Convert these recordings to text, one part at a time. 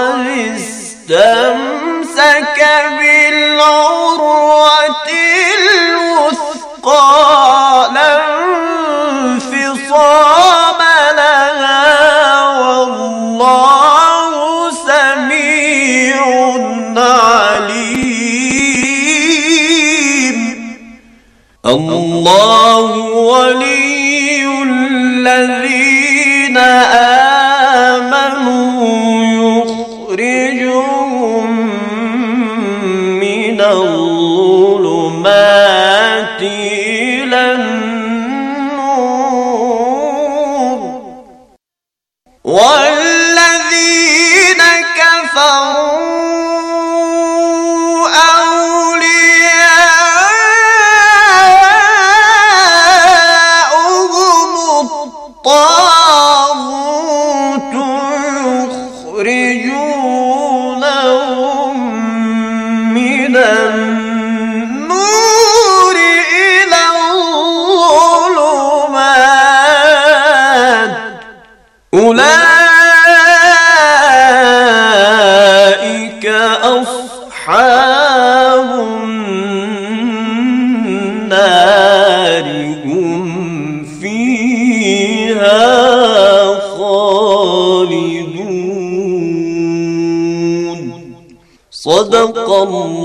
فقد استمسك بالعروة الوثقى لا انفصام لها والله سميع عليم الله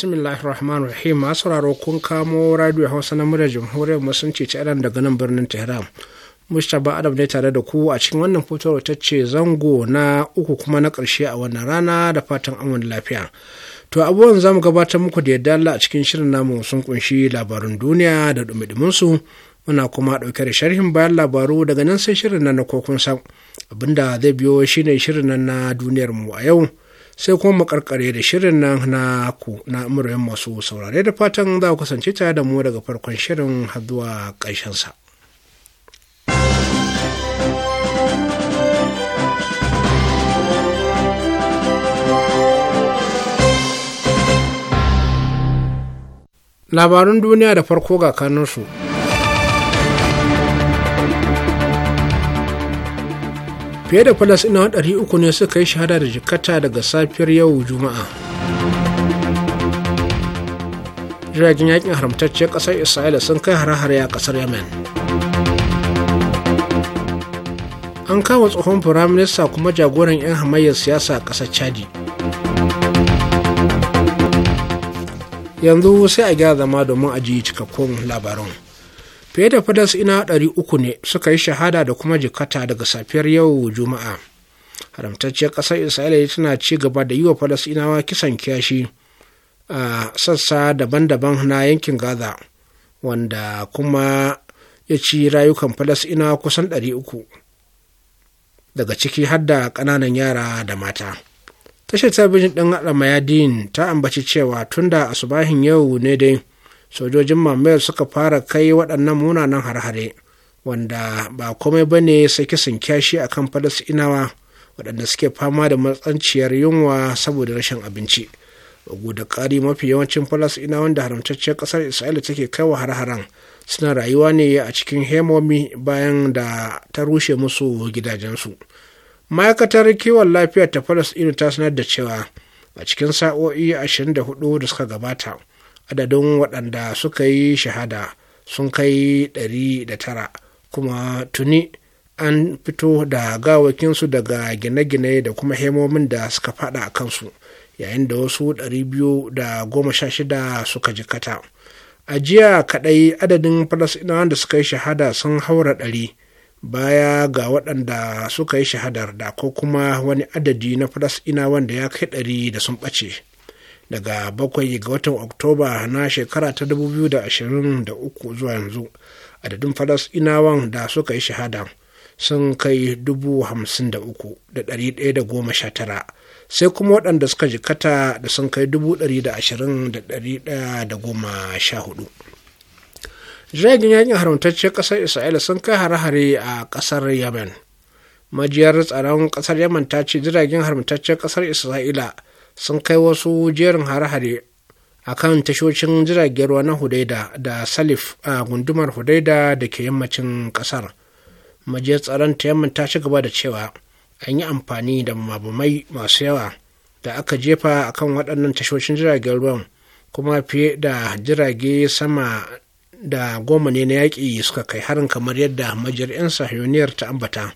bismillahir rahmanir rahim masu sauraro kun kamo radio hausa na murar jamhuriyar musulunci ta iran daga nan birnin tehran ba adam ne tare da ku a cikin wannan fitowar ta ce zango na uku kuma na karshe a wannan rana da fatan amon lafiya to abubuwan za mu gabatar muku da yadda a cikin shirin namu sun kunshi labarun duniya da dumi su muna kuma ɗauke da sharhin bayan labaru daga nan sai shirin nan na kokun abinda zai biyo shine shirin nan na duniyar mu a yau sai kuma makarkare da shirin nan na ku na muryan masu saurare da fatan za ku kasance tare da mu daga farkon shirin har zuwa ƙarshen sa. Labarun duniya da farko ga kanunsu. fiye da falasinawa uku ne suka yi shahada da jikata daga safiyar yau juma'a jiragen yakin haramtacce ƙasar isra'ila sun kai hare-hare a ƙasar yemen an kama tsohon firaminista kuma jagoran 'yan hamayyar siyasa a ƙasar chadi yanzu sai a gyara zama domin ajiye ji cikakkun labaran fiye da ina ɗari uku ne suka yi shahada da kuma jikata daga safiyar yau juma'a haramtacciyar ƙasar isra'ila tana ci gaba da yi wa falasɗinawa kisan kiyashi a sassa daban-daban na yankin gaza wanda kuma ya ci rayukan falasɗinawa kusan ɗari uku daga ciki har da ƙananan yara da mata tashar talabijin ɗin alamayadin ta ambaci cewa tunda da asubahin yau ne dai sojojin mamayar suka fara kai waɗannan munanan harhare, wanda ba komai ba ne sake kyashi a kan falasinawa waɗanda suke fama da matsanciyar yunwa saboda rashin abinci bugu da ƙari mafi yawancin falasinawan da haramtacciyar ƙasar isra'ila take kai wa har suna rayuwa ne a cikin hemomi bayan da ta rushe musu gidajensu ma'aikatar kiwon lafiya ta falasɗinu ta sanar da cewa a cikin sa'o'i 24 da suka gabata adadin waɗanda suka yi shahada sun kai ɗari da tara kuma tuni an fito da gawakinsu daga gine-gine da kuma hemomin da suka fada a kansu yayin da wasu ɗari biyu da goma sha shida suka jikata a jiya kadai adadin falasɗinawan da suka yi shahada sun haura ɗari baya ga waɗanda suka yi shahadar da ko kuma wani adadi na farasina wanda ya kai ɗari da sun ɓace daga bakwai ga watan oktoba na shekara ta 2023 zuwa yanzu adadin inawan da suka yi shahada sun kai da tara, sai kuma waɗanda suka jikata da sun kai hudu. jiragen yakin haramtaccen ƙasar isra'ila sun kai hare-hare a ƙasar yemen majiyar tsaron ƙasar yemen ta ce jiragen haramtaccen ƙasar isra'ila sun kai wasu jerin hare-hare a kan tashocin jiragen ruwa na hudaida da salif a gundumar hudaida da ke yammacin kasar majiyar tsaron ta yamman ta ci gaba da cewa an yi amfani da mabumai masu yawa da aka jefa a kan waɗannan tashoshin jiragen ruwan kuma fiye da jirage sama da goma ne na yaƙi suka kai harin kamar yadda majiyar 'yan sahiyoniyar ta ambata.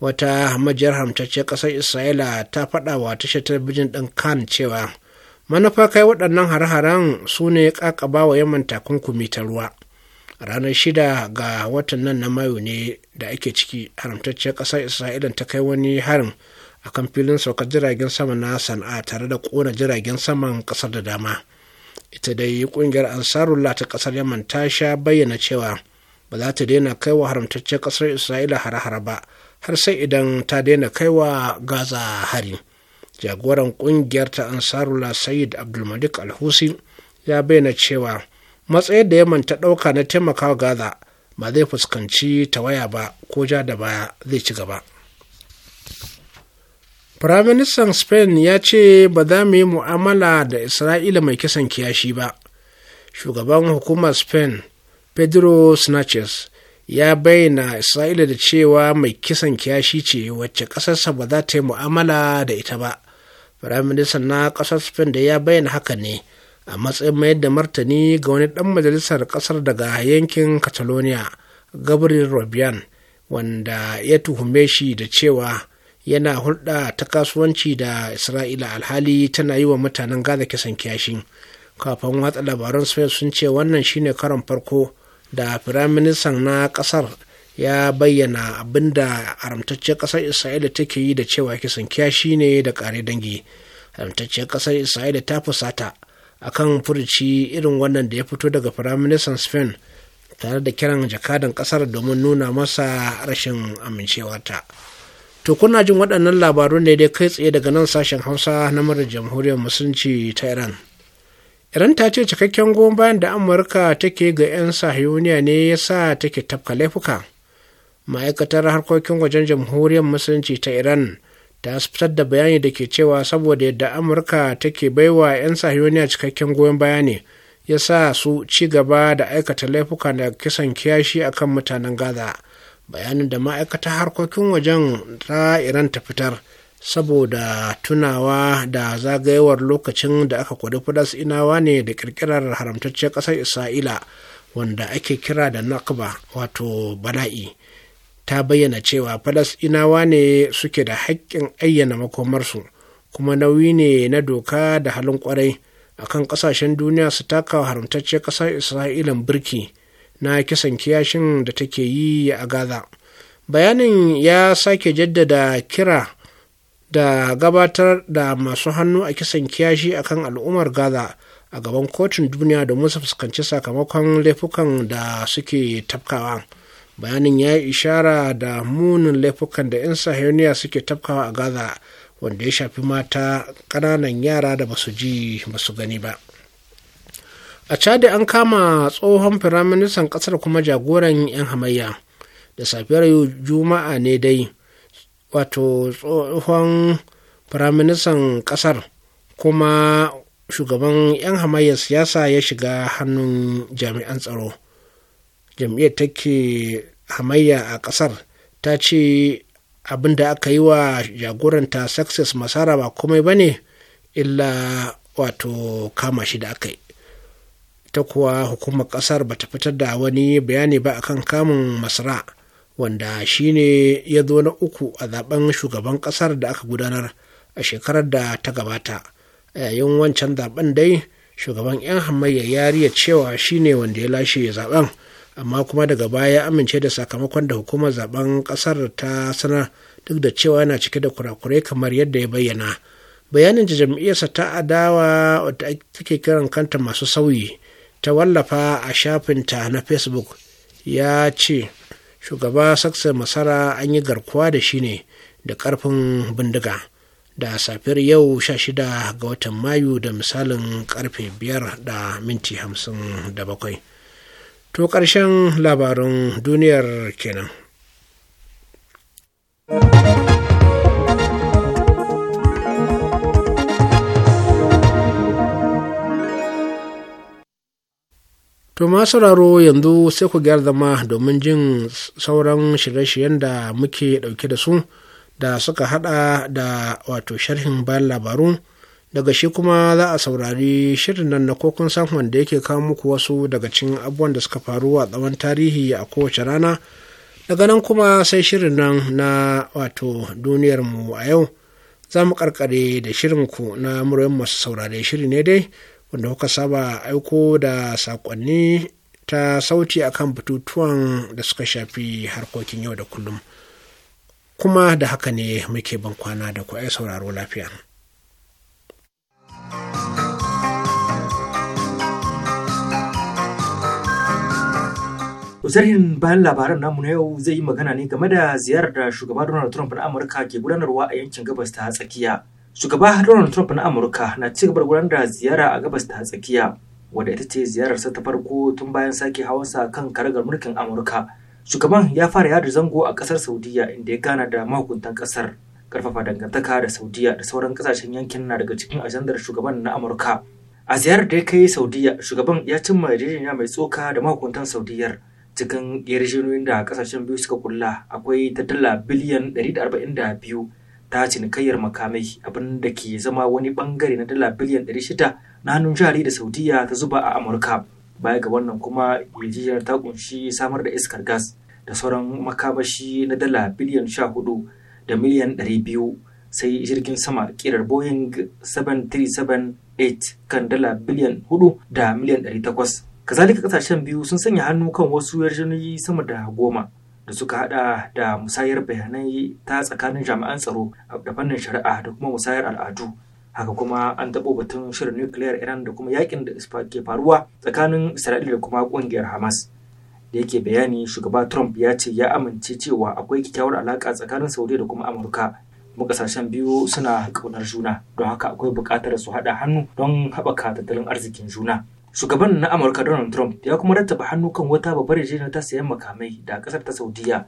wata majiyar haramtacciyar ƙasar isra'ila ta faɗa wa tashar talabijin ɗin kan cewa manufa kai waɗannan har-haren su ne ƙaƙaba wa yaman takunkumi ta ruwa ranar shida ga watan nan na mayu ne da ake ciki haramtacciyar ƙasar isra'ila ta kai wani harin a kan filin saukar jiragen sama na sana'a tare da ƙona jiragen saman ƙasar da dama ita dai ƙungiyar ansarullah ta ƙasar yaman ta sha bayyana cewa ba za ta daina kai wa haramtacciyar ƙasar isra'ila har-har ba har sai idan ta daina kaiwa gaza hari jagoran kungiyar ta ansarula sayid abdulmalik alhusi ya bayyana cewa matsayin da yaman ta dauka na taimakawa gaza ba zai fuskanci tawaya ba ko ja da baya zai ci gaba firaministan spain ya ce ba za mu yi mu'amala da isra'ila mai kisan kiyashi ba shugaban hukumar spain pedro snatches ya bayyana isra'ila da cewa mai kisan kiyashi ce wacce ƙasarsa ba za ta yi mu'amala da ita ba firaministan na ƙasar spain da ya bayyana haka ne a matsayin mayar da martani ga wani ɗan majalisar ƙasar daga yankin catalonia gabriel robian wanda ya tuhume shi da cewa yana hulɗa ta kasuwanci da isra'ila alhali tana yi wa mutanen gaza kisan kiyashi kafin watsa labaran spain sun ce wannan shine karon farko da firaministan na ƙasar ya bayyana abin da haramtacciyar ƙasar isra'ila take yi da cewa kisan shi ne da kare dangi haramtacciyar ƙasar isra'ila ta fusata akan furuci irin wannan da ya fito daga firaministan spain tare da kiran jakadan ƙasar domin nuna masa rashin amincewarta to kuna jin waɗannan labarun ne dai kai tsaye daga nan sashen hausa na murar jamhuriyar musulunci ta iran iran ta ce cikakken goyon bayan da amurka take ga 'yan sahiyoniya ne ya sa take tafka laifuka ma'aikatar harkokin wajen jamhuriyar musulunci ta iran ta fitar da bayani da ke cewa saboda yadda amurka take baiwa 'yan sahiyoniya cikakken goyon bayani, ya sa su ci gaba da aikata laifuka da kisan kiyashi a kan mutanen gaza bayanin da ma'aikatar harkokin wajen ta iran ta fitar saboda tunawa da zagayewar lokacin da aka kwadi fadas inawa ne da kirkirar haramtacciyar ƙasar isra'ila wanda ake kira da nakba wato bala'i ta bayyana cewa fadas inawa ne suke da haƙƙin ayyana makomarsu kuma nauyi ne na doka da halin kwarai kan ƙasashen duniya su taka haramtacciyar ƙasar isra'ilan birki na kisan kiyashin da take yi a gaza bayanin ya sake jaddada kira da gabatar da masu hannu a kisan kiyashi a kan al'ummar gaza a gaban kotun duniya da su fuskanci sakamakon laifukan da suke tafkawa bayanin ya yi ishara da munin laifukan da 'yan sahiyoniya suke tafkawa a gaza wanda ya shafi mata ƙananan yara da basu ji basu gani ba a chadi an kama tsohon firaministan ƙasar kuma jagoran 'yan hamayya da safiyar juma'a ne dai wato tsohon firaministan ƙasar kuma shugaban 'yan hamayyar siyasa ya shiga hannun jami'an tsaro jam'iyyar take hamayya a ƙasar ta ce abin aka yi wa jagoranta success masara ba komai ba ne illa wato kama shi da aka yi ta kuwa hukumar ƙasar ba ta fitar da wani bayani ba akan kamun masara wanda shi ne ya zo na uku a zaben shugaban kasar da aka gudanar a shekarar da ta gabata a yayin wancan zaben dai shugaban 'yan hamayya ya riya cewa ne wanda ya lashe zaben amma kuma daga baya amince da sakamakon da hukumar zaben kasar ta sanar duk da cewa yana cike da kurakurai kamar yadda ya bayyana bayanin da jam'iyyarsa ta adawa wadda take kiran kanta masu sauyi ta wallafa a shafinta na facebook ya ce shugaba saksa masara an yi garkuwa da shi ne da karfin bindiga da safiyar yau 16 ga watan mayu da misalin karfe biyar da minti hamsin da bakwai. to ƙarshen labarin duniyar kenan. To ma sauraro yanzu sai ku gyar zama domin jin sauran shirye-shiryen da muke ɗauke da su da suka haɗa da wato sharhin bayan labaru daga shi kuma za a saurari shirin nan na kokon san wanda yake kawo muku wasu daga cin abubuwan da suka faru a tsawon tarihi a kowace rana daga nan kuma sai shirin nan na wato duniyarmu a yau za mu karkare da shirinku na muryoyin masu saurare shiri ne dai wanda kuka saba aiko da sakonni ta sauti akan batutuwan da suka shafi harkokin yau da kullum kuma da haka ne muke ban kwana da ku sauraro lafiya. Zarhin bayan labaran namu na yau zai yi magana ne game da ziyarar da shugaba Donald Trump na Amurka ke gudanarwa a yankin gabas ta tsakiya. shugaba donald trump na amurka na ci gaba gudanar da ziyara a gabas ta tsakiya wadda ita ce ziyararsa ta farko tun bayan sake hawansa kan karagar mulkin amurka shugaban ya fara yada zango a kasar saudiya inda ya gana da mahukuntan kasar karfafa dangantaka da saudiya da sauran kasashen yankin na daga cikin ajandar shugaban na amurka a ziyarar da ya kai saudiya shugaban ya cimma yarjejeniya mai tsoka da mahukuntan saudiyar cikin yarjejeniyoyin da kasashen biyu suka kulla akwai ta dala biliyan 142 ta cinikayyar makamai abin da ke zama wani bangare na dala biliyan 600 na hannun jari da saudiya ta zuba a amurka baya ga wannan kuma yarjejeniyar ta kunshi samar da iskar gas da sauran makamashi na dala biliyan 14 da miliyan 200 sai jirgin sama kirar boeing 737 kan dala biliyan 4 da miliyan 800 kazalika kasashen biyu sun sanya hannu kan wasu yarjejeniyoyi sama da goma da suka hada da musayar bayanai ta tsakanin jami'an tsaro da fannin shari'a da kuma musayar al'adu haka kuma an taɓo batun shirin nukiliyar iran da kuma yakin da ke faruwa tsakanin isra'ila da kuma ƙungiyar hamas da yake bayani shugaba trump ya ce ya amince cewa akwai kyakkyawar alaka tsakanin saudi da kuma amurka kuma kasashen biyu suna ƙaunar juna don haka akwai buƙatar su haɗa hannu don haɓaka tattalin arzikin juna Shugaban na Amurka Donald Trump ya kuma rattaba hannu kan wata babbar yarjejeniyar ta sayan makamai da kasar ta Saudiya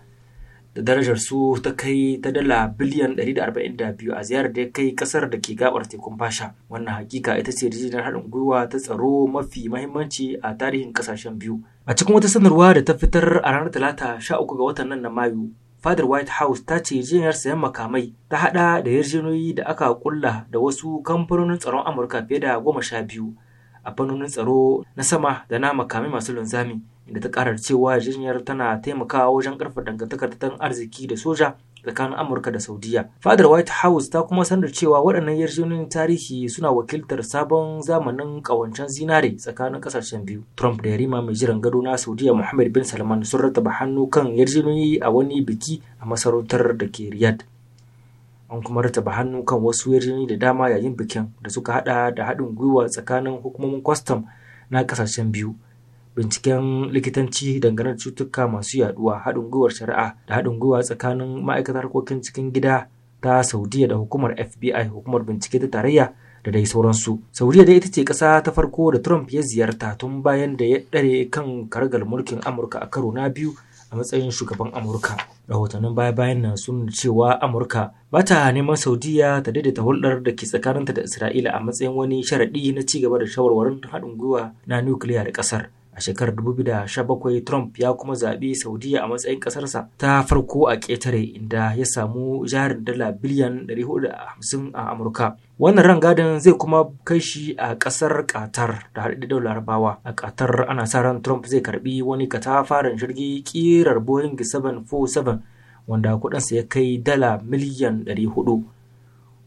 da darajar su ta kai ta dala biliyan 142 a ziyarar da ya kai kasar da ke gabar tekun fasha wannan hakika ita ce rijiyar haɗin gwiwa ta tsaro mafi mahimmanci a tarihin kasashen biyu a cikin wata sanarwa da ta fitar a ranar talata 13 ga watan nan na mayu fadar white house ta ce rijiyar sayan makamai ta hada da yarjejeniyoyi da aka kulla da wasu kamfanonin tsaron amurka fiye da goma sha biyu a fannonin tsaro na sama da na makamai masu linzami inda ta karar cewa yarjejeniyar tana taimakawa wajen karfa dangantakar tattalin arziki da soja tsakanin amurka da saudiya fadar white house ta kuma sanar cewa waɗannan yarjejeniyoyin tarihi suna wakiltar sabon zamanin ƙawancen zinare tsakanin ƙasashen biyu trump da yarima mai jiran gado na saudiya muhammad bin salman sun rataba hannu kan yarjejeniyoyi a wani biki a masarautar da ke riyadh an kuma rataba hannu kan wasu yarjejeni da dama yayin bikin da suka hada da haɗin gwiwa tsakanin hukumomin kwastam na kasashen biyu binciken likitanci dangane da cututtuka masu yaduwa haɗin gwiwar shari'a da haɗin gwiwa tsakanin ma'aikatar harkokin cikin gida ta saudiya da hukumar fbi hukumar bincike ta tarayya da dai sauransu saudiya dai ita ce ƙasa ta farko da trump ya ziyarta tun bayan da ya ɗare kan karagar mulkin amurka a karo na biyu a matsayin shugaban amurka rahotannin baya-bayan nan sun cewa amurka ba ta neman saudiya ta daidaita hulɗar da ke tsakaninta da isra'ila a matsayin wani sharaɗi na cigaba da shawarwarin haɗin gwiwa na nukiliya da ƙasar a shekarar 2017 trump ya kuma zaɓi saudiya a matsayin ƙasarsa ta farko a ƙetare inda ya samu jarin dala biliyan 450 a amurka wannan rangadin zai kuma kai shi a ƙasar qatar da haɗe da larabawa a qatar ana sa ran trump zai karbi wani katafaren jirgi ƙirar boeing 747 wanda kuɗinsa ya kai dala miliyan 400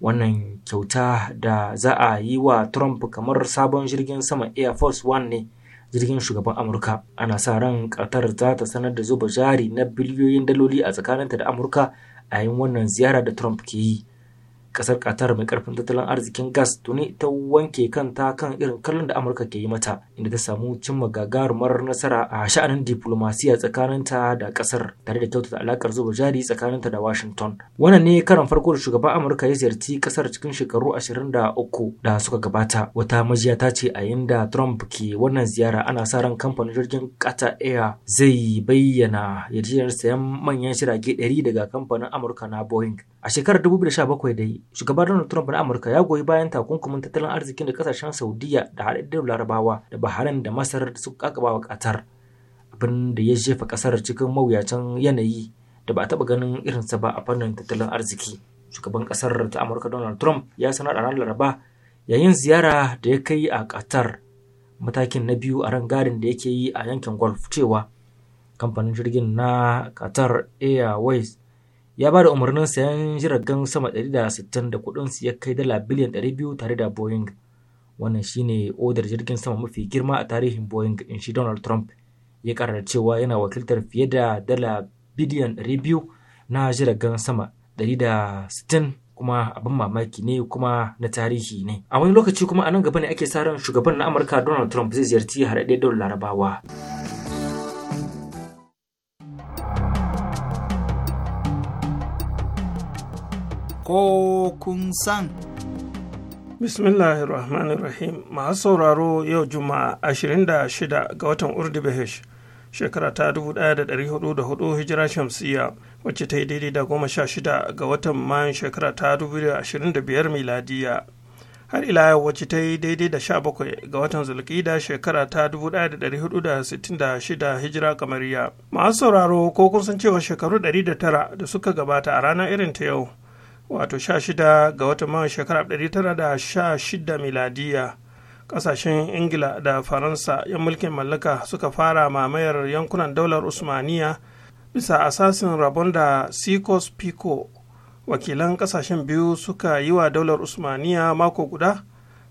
wannan kyauta da za a yi wa Trump kamar sabon jirgin sama Air Force One ne jirgin shugaban amurka ana sa ran qatar za ta sanar da zuba jari na biliyoyin daloli a tsakaninta da amurka a yin wannan ziyara da trump ke yi kasar qatar mai karfin tattalin arzikin gas tuni ta wanke kanta kan irin kallon da amurka ke yi mata inda ta samu cimma gagarumar nasara a sha'anin diplomasiya tsakaninta da kasar tare da kyautata alakar zuba jari tsakanin ta da washington wannan ne karan farko da shugaban amurka ya ziyarci kasar cikin shekaru ashirin da uku da suka gabata wata majiya ta ce a da trump ke wannan ziyara ana sa ran kamfanin jirgin qatar air zai bayyana yarjejeniyar sayan manyan shirage 100 daga kamfanin amurka na boeing A shekarar 2017 dai, shugaban Donald Trump na Amurka ya goyi bayan takunkumin tattalin arzikin da kasashen Saudiyya da haɗaɗɗen Larabawa da Bahrain da Masar da suka kakaba wa Qatar, abin da ya jefa ƙasar cikin mawuyacin yanayi da ba a taɓa ganin irinsa ba a fannin tattalin arziki. Shugaban ƙasar ta Amurka Donald Trump ya sanar a ranar Laraba yayin ziyara da ya kai a Qatar matakin na biyu a rangadin da yake yi a yankin Gulf cewa kamfanin jirgin na Qatar Airways ya ba da umarnin sayan jiragen sama 160 da kuɗin su ya kai dala biliyan 200 tare da boeing wannan shine odar jirgin sama mafi girma a tarihin boeing in shi donald trump ya karar cewa yana wakiltar fiye da dala biliyan 200 na jiragen sama 160 kuma abin mamaki ne kuma na tarihi ne a wani lokaci kuma a nan gaba ne ake sa ran shugaban na amurka donald trump zai ziyarci don larabawa. ko kun san. Bismillahirrahmanirrahim masu sauraro yau Juma'a 26 ga watan Urdubahesh shekara ta 1404 hijira shamsiyya wacce ta yi daidai da goma sha shida ga watan mayan shekara ta 2025 miladiya har ila yau wacce ta yi daidai da sha bakwai ga watan zulkida shekara ta 1466 hijira kamariya masu sauraro ko kun san cewa shekaru 109 da suka gabata a ranar irin ta yau wato 16 ga watan da shekarar 1916 miladiya kasashen ingila da faransa yan mulkin mallaka suka fara mamayar yankunan daular usmaniya bisa asasin rabon da sikos pico wakilan kasashen biyu suka yi wa daular usmaniya mako guda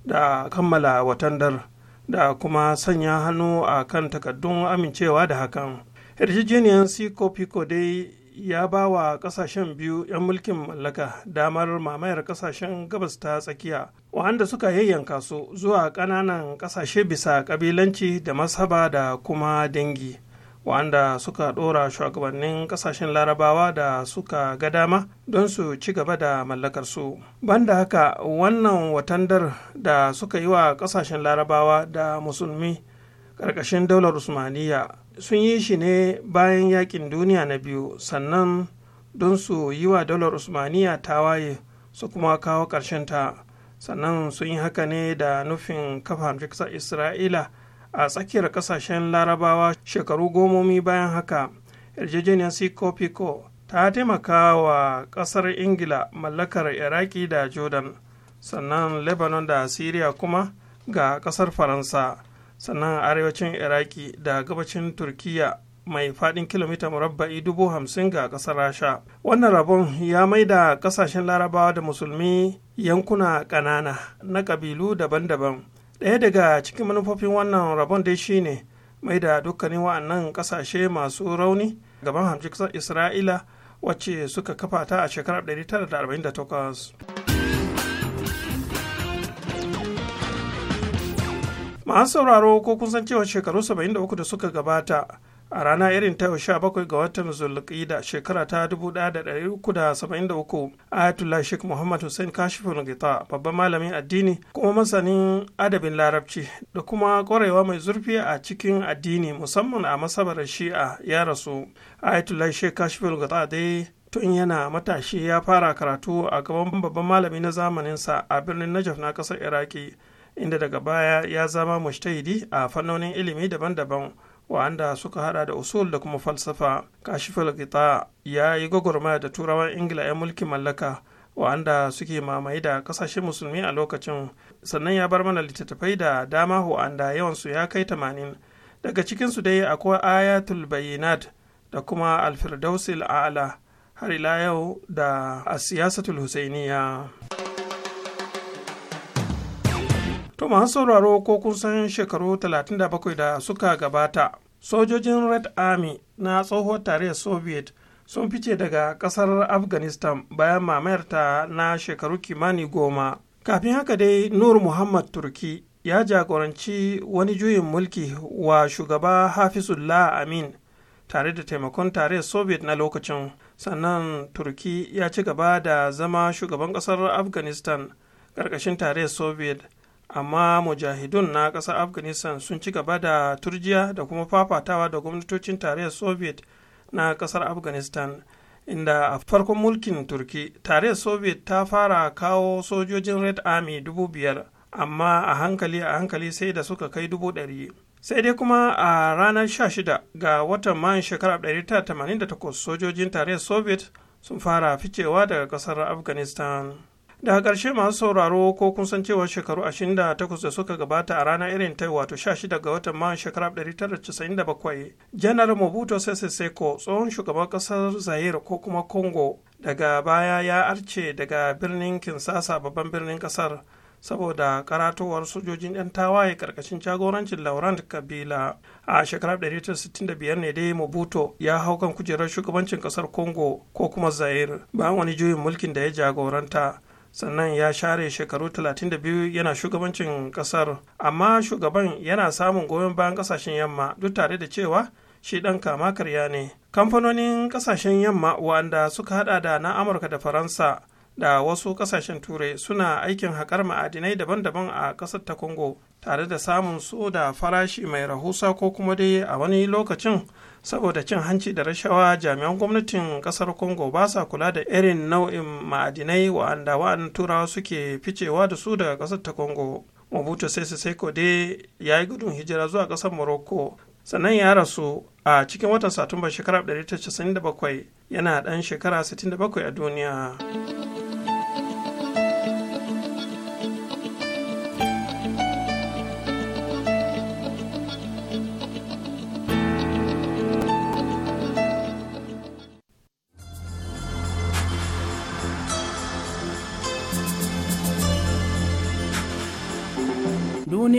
da kammala watandar da kuma sanya hannu a kan takaddun amincewa da hakan yarjejeniyar sikopiko dai ya ba wa kasashen biyu 'yan mulkin mallaka damar mamayar kasashen gabas ta tsakiya wa'anda suka yayyanka su zuwa ƙananan kasashe bisa ƙabilanci da masaba da kuma dangi wa'anda suka ɗora shugabannin kasashen larabawa da suka ga dama don su ci gaba da mallakar su banda haka wannan watandar da suka yi wa kasashen larabawa da musulmi ƙarƙashin daular usmaniya sun yi shi ne bayan yakin duniya na biyu sannan don su yi wa dalar usmaniya waye su kuma kawo ta sannan sun yi haka ne da nufin kafa hamfikisar isra'ila a tsakiyar kasashen larabawa shekaru gomomi bayan haka yarjejeniyar sikopiko ta taimaka wa kasar ingila mallakar iraki da jordan sannan lebanon da syria kuma ga kasar faransa sannan a arewacin iraki da gabacin turkiya mai faɗin kilomita murabba'i dubu hamsin ga ƙasar rasha wannan rabon ya maida ƙasashen larabawa da musulmi yankuna ƙanana na kabilu daban-daban ɗaya daga cikin manufofin wannan rabon dai shine mai da dukkanin wa'annan kasashe masu rauni gaban hamsin isra'ila wacce suka kafa ta a shekarar 1948 masu sauraro ko kun san cewa shekaru 73 da suka gabata a rana irin ta 17 ga watan zulqida shekara ta 1373 ayatollah sheikh muhammad hussein kashiful gita babban malamin addini kuma masanin adabin larabci da kuma kwarewa mai zurfi a cikin addini musamman a masabar shi'a ya rasu ayatollah sheikh kashiful gita dai tun yana matashi ya fara karatu a gaban babban malami na zamaninsa a birnin najaf na kasar iraki inda daga baya ya zama mushtahidi a fannonin ilimi daban-daban wa'anda suka hada da usul da kuma falsafa kashifal gita ya yi gwagwarmaya da turawan ingila 'yan mulkin mallaka wa'anda suke mamaye da kasashen musulmi a lokacin sannan ya bar mana littattafai da dama wa'anda yawansu ya kai tamanin daga cikinsu dai akwai ayatul bayinat da kuma alfirdausil a'ala har ila yau da a asiyasatul husainiya. to masu sauraro ko kun san shekaru 37 da suka gabata sojojin red army na tsohon tarayyar soviet sun fice daga kasar afghanistan bayan mamayarta na shekaru kimani goma kafin haka dai nur muhammad turki ya jagoranci wani juyin mulki wa shugaba hafizullah amin tare da taimakon tarayyar soviet na lokacin sannan turki ya ci gaba da zama shugaban kasar afghanistan ƙarƙashin tarayyar soviet amma mujahidun na ƙasar afghanistan sun ci gaba da turjiya da kuma fafatawa da gwamnatocin tarayyar soviet na ƙasar afghanistan inda a farkon mulkin turki tarayyar soviet ta fara kawo sojojin red army dubu biyar amma a hankali a hankali sai da suka kai dubu ɗari sai dai kuma a ranar 16 ga watan mayan shekarar 1988 sojojin tarayyar soviet sun fara ficewa daga ƙasar afghanistan daga ƙarshe masu sauraro ko kun san cewa shekaru 28 da suka gabata a ranar irin ta wato 16 ga watan mayu shekarar 1997 janar mobuto sese seko tsohon shugaban ƙasar zaire ko kuma congo daga baya ya arce daga birnin kinsasa babban birnin ƙasar saboda karatowar sojojin 'yan tawaye karkashin jagorancin laurent kabila a shekarar 1965 ne dai mobuto ya hau kan kujerar shugabancin kasar congo ko kuma zaire bayan wani juyin mulkin da ya jagoranta sannan ya share shekaru 32 yana shugabancin kasar amma shugaban yana samun goyon bayan kasashen yamma duk tare da cewa shi dan kama karya ne kamfanonin kasashen yamma wanda suka hada da na amurka da faransa da wasu kasashen turai suna aikin haƙar ma'adinai daban-daban a ƙasar ta kongo tare da samun su da farashi mai rahusa ko kuma dai a wani lokacin saboda cin hanci da rashawa jami'an gwamnatin ƙasar Kongo ba sa kula da irin nau'in ma'adinai wa'anda wa'an turawa suke ficewa da su daga ƙasar ta congo mobutu sai seko dai ya yi gudun hijira zuwa ƙasar morocco sannan ya rasu a cikin watan satumba shekara 1997 yana ɗan shekara 67 a duniya.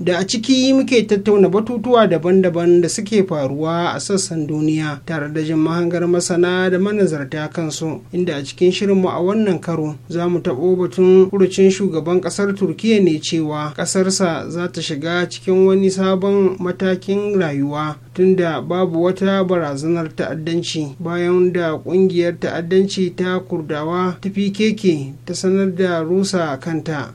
da a ciki muke tattauna batutuwa daban-daban da suke faruwa a sassan duniya tare da jin mahangar masana da manazarta kansu inda a cikin shirinmu a wannan karo za mu taɓo batun kurucin shugaban ƙasar turkiya ne cewa ƙasarsa za ta shiga cikin wani sabon matakin rayuwa tunda babu wata barazanar ta'addanci bayan da ƙungiyar ta'addanci ta kurdawa ta keke ta sanar da rusa kanta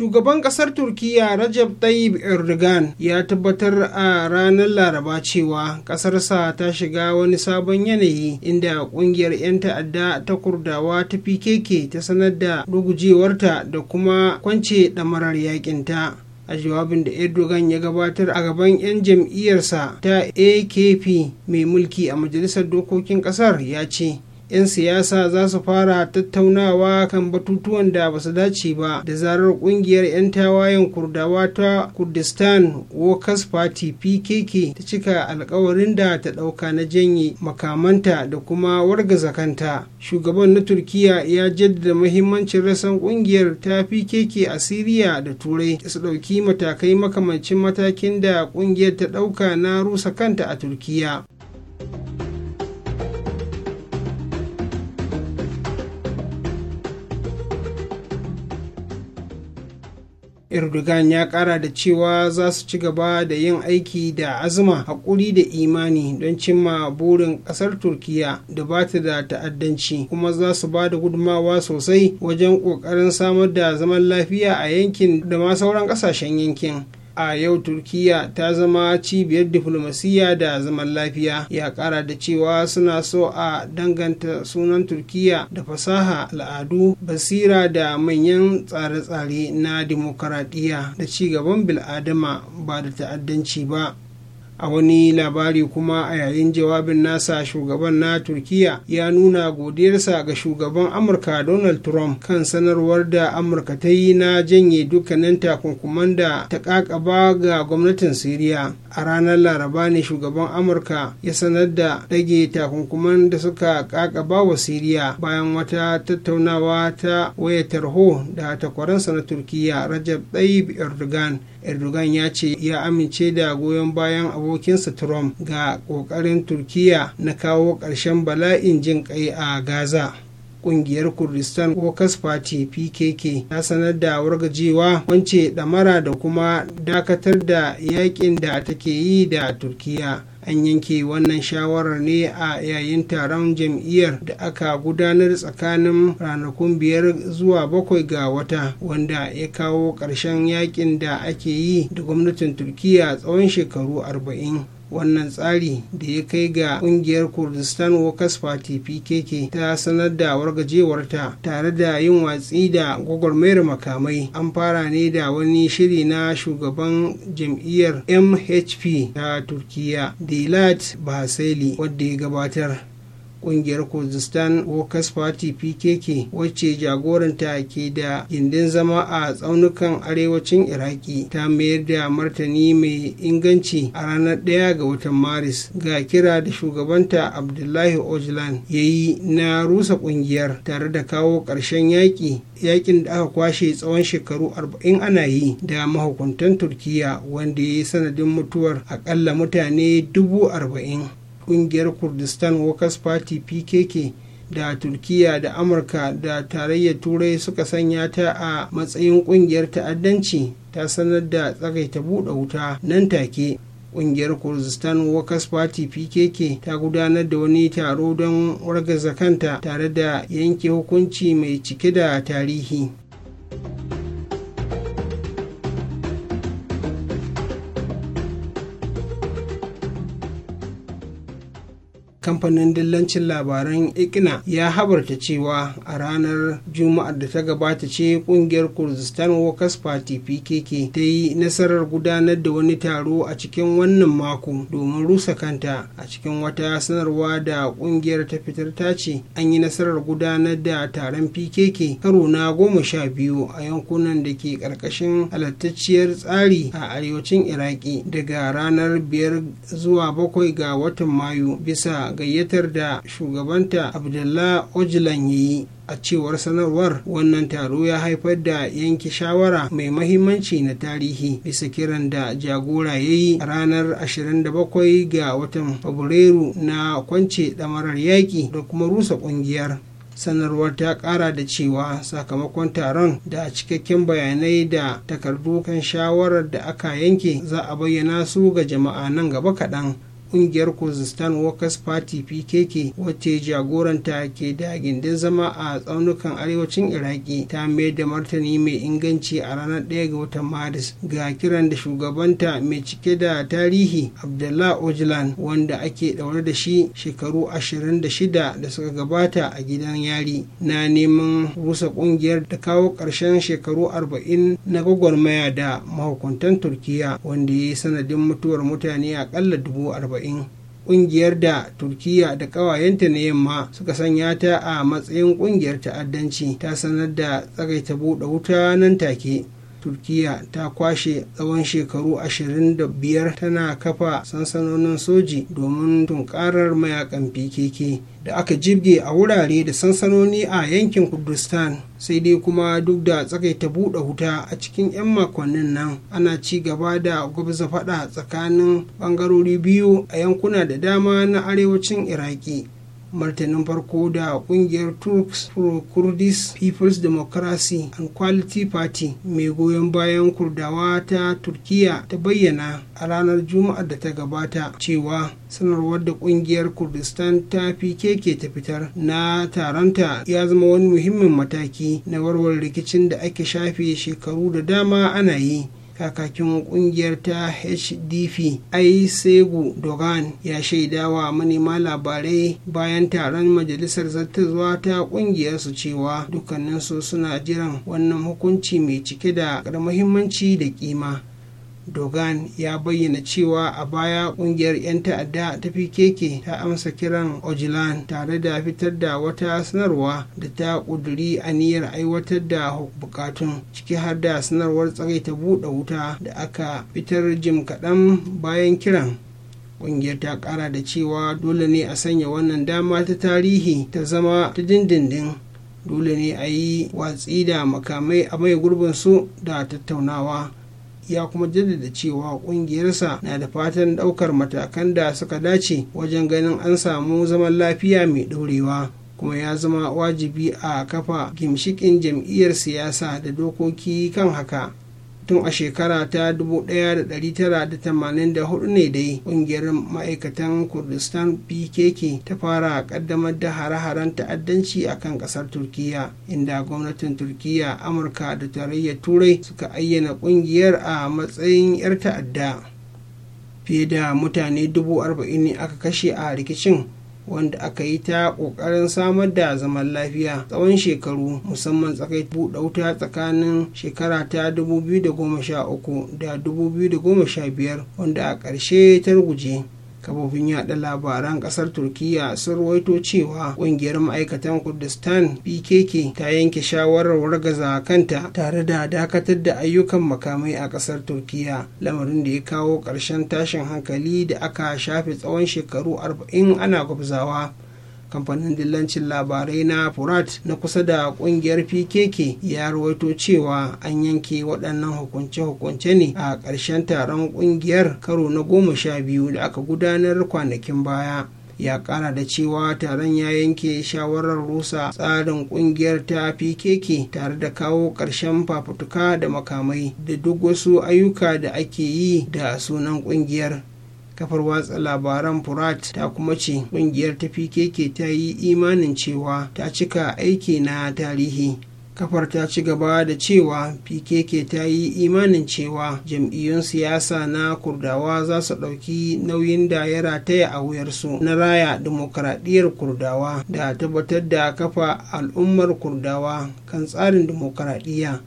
shugaban kasar turkiya rajab tayyip erdogan ya tabbatar a ranar laraba cewa kasarsa ta shiga wani sabon yanayi inda kungiyar 'yan ta'adda ta kurdawa ta pkk ta sanar da rugujewarta da kuma kwance ɗamarar yakinta a jawabin da erdogan ya gabatar a gaban 'yan jam'iyyarsa ta akp mai mulki a majalisar dokokin kasar ya ce 'yan siyasa za su fara tattaunawa kan batutuwan da ba su dace ba da zarar kungiyar 'yan tawayen kurdawa ta kurdistan workers party pkk ta cika alkawarin da ta dauka na janye makamanta da kuma wargaza kanta shugaban na turkiya ya jaddada muhimmancin rasan kungiyar ta pkk a siriya da turai da su dauki matakai makamancin matakin da kungiyar ta dauka na rusa kanta a turkiya erdogan ya kara da cewa za su ci gaba da yin aiki da azuma haƙuri da imani don cimma burin ƙasar turkiya da ba ta da ta'addanci kuma za su ba da gudumawa sosai wajen ƙoƙarin samar da zaman lafiya a yankin da ma sauran ƙasashen yankin a yau turkiya ta zama cibiyar diflomasiyya da zaman lafiya ya kara da cewa suna so a danganta sunan turkiya da fasaha al'adu basira da manyan tsare-tsare na dimokuraɗiyya da ci gaban bil'adama ba da ta'addanci ba a wani labari kuma a yayin jawabin nasa shugaban na turkiya ya nuna godiyarsa ga shugaban amurka donald trump kan sanarwar da amurka ta yi na janye dukkanin takunkuman da ta kakaba ga gwamnatin siriya a ranar laraba ne shugaban amurka ya sanar da dage takunkuman da suka kakaba wa siriya bayan wata tattaunawa ta waya tarho da takwaransa na turkiya rajab tsayib erdogan erdogan ya ce ya amince da goyon bayan abu abokinsa trump ga ƙoƙarin turkiya na kawo ƙarshen bala'in jin ƙai a gaza ƙungiyar kurdistan workers party pkk ta sanar da wargajewa wance damara da kuma dakatar da yakin da take yi da turkiya an yanke wannan shawarar ne a yayin taron jam'iyyar da aka gudanar tsakanin ranakun biyar zuwa bakwai ga wata wanda ya kawo ƙarshen yakin da ake yi da gwamnatin turkiya tsawon shekaru arba'in wannan tsari da ya kai ga kungiyar kurdistan workers party pkk ta sanar da wargajewarta tare da yin watsi da gwagwarmayar makamai an fara ne da wani shiri na shugaban jam'iyyar mhp ta turkiya Delight baseli wadda ya gabatar kungiyar kurdistan workers party pkk wacce jagoranta ke da gindin zama a tsaunukan arewacin iraki ta mayar da martani mai inganci a ranar 1 ga watan maris ga kira da shugabanta abdullahi ojlan ya yi na rusa kungiyar tare da kawo ƙarshen yaƙi yakin da aka kwashe tsawon shekaru 40 ana yi da mahukuntan turkiya wanda ya yi sanadin mutuwar akalla mutane dubu arba'in kungiyar kurdistan workers party pkk da turkiya da amurka da tarayyar turai suka sanya ta a matsayin kungiyar ta'addanci ta sanar da tsagaita buɗe wuta nan take kungiyar kurdistan workers party pkk ta gudanar da wani taro don wargaza kanta tare da yanke hukunci mai cike da tarihi kamfanin dillancin labaran ikina ya habarta cewa a ranar juma'ar da ta gabata ce kungiyar kurdistan workers party pkk ta yi nasarar gudanar da wani taro a cikin wannan mako domin rusa kanta a cikin wata sanarwa da kungiyar ta fitar ta ce an yi nasarar gudanar da taron pkk karo na goma sha biyu a yankunan da ke karkashin halartacciyar tsari a arewacin iraki daga ranar biyar zuwa bakwai ga watan mayu bisa gayyatar da shugabanta abdullah ojilan yi a cewar sanarwar wannan taro ya haifar da yanke shawara mai mahimmanci na tarihi bisa kiran da jagora ya yi ranar 27 ga watan fabrairu na kwance damarar yaƙi da kuma rusa ƙungiyar sanarwar ta kara da cewa sakamakon taron da cikakken bayanai da takardu kan shawarar da aka yanke za a bayyana su ga jama'a nan gaba kaɗan kungiyar kurdistan workers party pkk wacce jagoranta ke da gindin zama a tsaunukan arewacin iraki ta mai da martani mai inganci a ranar 1 ga watan maris ga kiran da shugabanta mai cike da tarihi abdullah ojlan wanda ake daure da shi shekaru 26 da suka gabata a gidan yari na neman rusa kungiyar da kawo ƙarshen shekaru 40 na gwagwarmaya da mahukuntan turkiya wanda ya yi sanadin mutuwar mutane aƙalla dubu arba'in arba'in kungiyar da turkiya da kawayenta na yamma suka sanya ta a matsayin kungiyar ta'addanci ta sanar da tsagaita buɗe wuta nan take turkiya ta kwashe tsawon shekaru 25 tana kafa sansanonin soji domin tunkarar mayakan pkk da aka jirge a wurare da sansanoni a yankin kurdistan sai dai kuma duk da tsakaita buɗe wuta a cikin 'yan makonnin nan ana ci gaba da gwabza faɗa tsakanin ɓangarori biyu a yankuna da dama na arewacin iraki martanin farko da kungiyar turks pro kurdish people's democracy and quality party mai goyon bayan kurdawa ta turkiya ta bayyana a ranar juma'ar da ta gabata cewa sanarwar da kungiyar kurdistan ta fi keke ta fitar na taronta ya zama wani muhimmin mataki na warware rikicin da ake shafe shekaru da dama ana yi kakakin kungiyar ta hdp Segu dogan ya shaida wa manema labarai bayan taron majalisar zattarwa ta ƙungiyarsu cewa dukkaninsu suna jiran wannan hukunci mai cike da muhimmanci da kima dogan ya bayyana cewa a baya kungiyar 'yan ta'adda ta keke ta amsa kiran ojilan tare da fitar da wata sanarwa da ta kuduri aniyar aiwatar da bukatun ciki har da sanarwar tsagaita buɗe wuta da aka fitar jim kaɗan bayan kiran kungiyar ta ƙara da cewa dole ne a sanya wannan dama ta tarihi ta zama ta dindindin dole ne a yi watsi da makamai a mai gurbin su da tattaunawa ya kuma jaddada cewa kungiyarsa na da fatan daukar matakan da suka dace wajen ganin an samu zaman lafiya mai ɗorewa kuma ya zama wajibi a kafa gimshikin jam'iyyar siyasa da dokoki kan haka tun a shekara ta 1984 ne dai ƙungiyar ma'aikatan kurdistan pkk ta fara ƙaddamar da hare-haren ta'addanci a kan ƙasar turkiya inda gwamnatin turkiya amurka da tarayyar turai suka ayyana ƙungiyar a matsayin 'yar ta'adda fiye da mutane dubu ne aka kashe a rikicin wanda aka yi ta kokarin samar da zaman lafiya tsawon shekaru musamman tsakai buɗe wuta tsakanin shekara ta 2013 da 2015 wanda a ƙarshe ta ruguje kafofin yaɗa labaran ƙasar turkiya sun ruwaito cewa ƙungiyar ma'aikatan kurdistan pkk ta yanke shawarar wargaza kanta tare da dakatar da ayyukan makamai a ƙasar turkiya lamarin da ya kawo ƙarshen tashin hankali da aka shafe tsawon shekaru 40 ana gwabzawa kamfanin dillancin labarai na furat na kusa da kungiyar pkk ya rawaito cewa an yanke waɗannan hukunce-hukunce ne a ƙarshen taron kungiyar karo na goma sha biyu da aka gudanar kwanakin baya ya ƙara da cewa taron ya yanke shawarar rusa tsarin kungiyar ta pkk tare da kawo ƙarshen fafutuka da makamai da duk wasu ayyuka da ake yi da sunan kungiyar kafar watsa labaran furat ta kuma ce kungiyar ta pkk ta yi imanin cewa ta cika aiki na tarihi kafar ta ci gaba da cewa pkk ta yi imanin cewa jam'iyyun siyasa na kurdawa za su ɗauki nauyin da ya rataya a wuyarsu na raya demokaradiyyar kurdawa da tabbatar da kafa al'ummar kurdawa kan tsarin demokaradiyya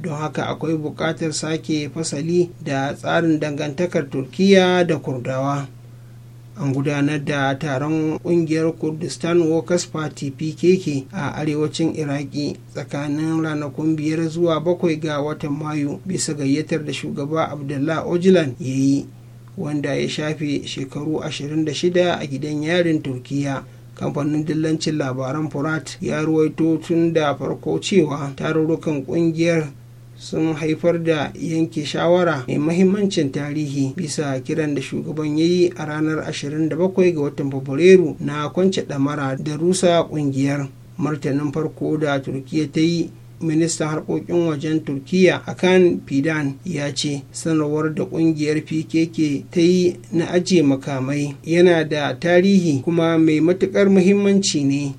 don haka akwai buƙatar sake fasali da tsarin dangantakar turkiya da kurdawa an gudanar da taron kungiyar kurdistan workers party pkk a arewacin iraki tsakanin ranakun biyar zuwa bakwai ga watan mayu bisa gayyatar da shugaba abdullah ojilan ya yi wanda ya shafe shekaru 26 a gidan yarin turkiya kamfanin dillancin labaran furat ya ruwaito tun da farko cewa tarurrukan kungiyar sun haifar da yanke shawara mai mahimmancin tarihi bisa kiran da shugaban ya yi a ranar 27 ga watan fabrairu na kwance ɗamara da rusa ƙungiyar martanin farko da turkiya ta yi ministan harkokin wajen turkiya akan fidan ya ce sanarwar da kungiyar pkk ta yi na ajiye makamai yana da tarihi kuma mai matukar muhimmanci ne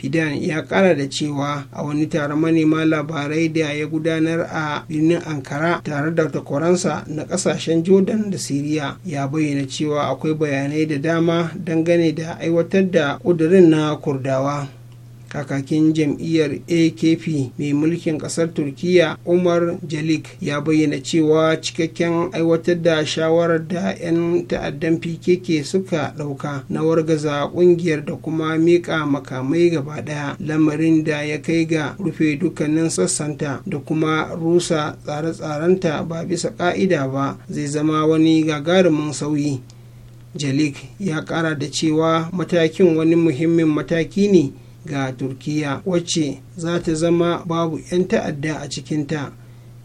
fidan ya kara da cewa a wani taron manema labarai da ya gudanar a birnin ankara tare da takwaransa na kasashen jordan da siriya ya bayyana cewa akwai bayanai da dama dangane da aiwatar da ƙudurin na kurdawa kakakin jam'iyyar akp mai mulkin kasar turkiya umar jalik ya bayyana cewa cikakken aiwatar da shawarar da 'yan ta'addan pkk suka ɗauka na wargaza ƙungiyar da kuma miƙa makamai gaba ɗaya lamarin da ya kai ga rufe dukkanin sassanta da kuma rusa tsare-tsarenta ba bisa ƙa'ida ba zai zama wani gagarumin sauyi jalik ya ƙara da cewa matakin wani muhimmin mataki ne ga turkiya wacce za ta zama babu 'yan ta'adda a cikinta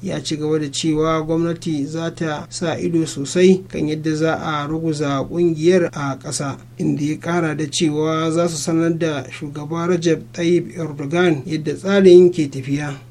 ya ci gaba da cewa gwamnati za ta sa ido sosai kan yadda za a ruguza kungiyar a ƙasa inda ya ƙara da cewa za su sanar da shugaba rajab tayyip erdogan yadda tsarin ke tafiya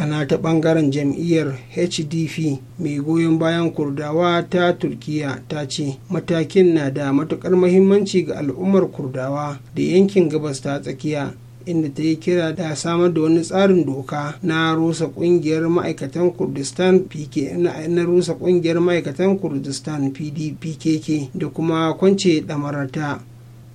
a ta bangaren jam'iyyar hdp mai goyon bayan kurdawa ta turkiya ta ce matakin na da matukar mahimmanci ga al'ummar kurdawa da yankin gabas ta tsakiya inda ta yi kira da samar da wani tsarin doka na rusa kungiyar ma'aikatan kurdistan pk na rusa kungiyar ma'aikatan kurdistan pdpkk da kuma kwance damarata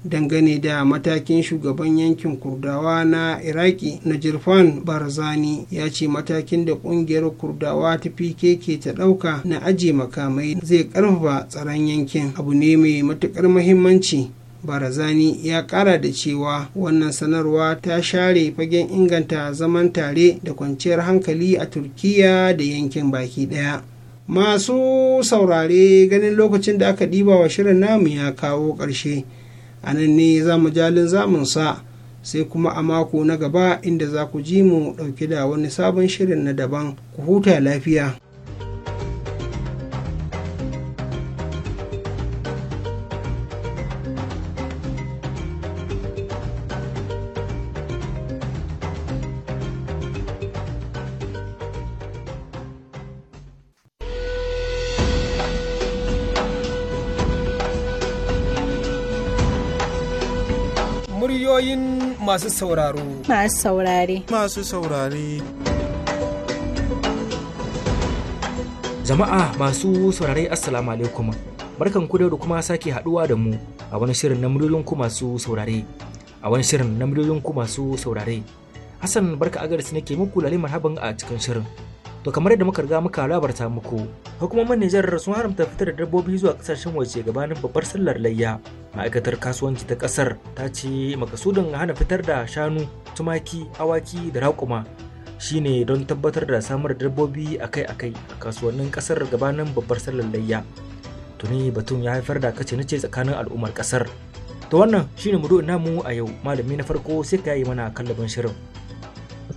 dangane da matakin shugaban yankin kurdawa na iraki na jirfan barzani ya ce matakin da kungiyar kurdawa ta pkk ta dauka na aje makamai zai karfafa tsaron yankin abu ne mai matukar muhimmanci barazani ya kara da cewa wannan sanarwa ta share fagen inganta zaman tare da kwanciyar hankali a turkiya da yankin baki daya masu saurare ganin lokacin da aka ɗiba wa shirin namu ya kawo ƙarshe a nan ne za mu jalin sa sai kuma a mako na gaba inda za ku ji mu ɗauke da wani sabon shirin na daban ku huta lafiya masu sauraro. Masu saurare. Masu saurare. Jama'a masu saurare Assalamu alaikum. Barkan ku da kuma sake haɗuwa da mu a wani shirin na miliyoyin ku masu saurare. A wani shirin na miliyoyin ku masu saurare. Hassan barka agaris nake muku lalimar haban a cikin shirin. To kamar yadda muka riga muka labarta muku, hukumomin Nijar sun haramta fitar da dabbobi zuwa kasashen waje gabanin babbar sallar layya. Ma'aikatar kasuwanci ta kasar ta ce makasudin hana fitar da shanu, tumaki, awaki da raƙuma shine don tabbatar da samar da dabbobi akai-akai a kasuwannin kasar gabanin babbar sallar layya. Tuni batun ya haifar da kace nace tsakanin al'ummar kasar. To wannan shine mudu namu a yau malami na farko sai ka yi mana kallabin shirin.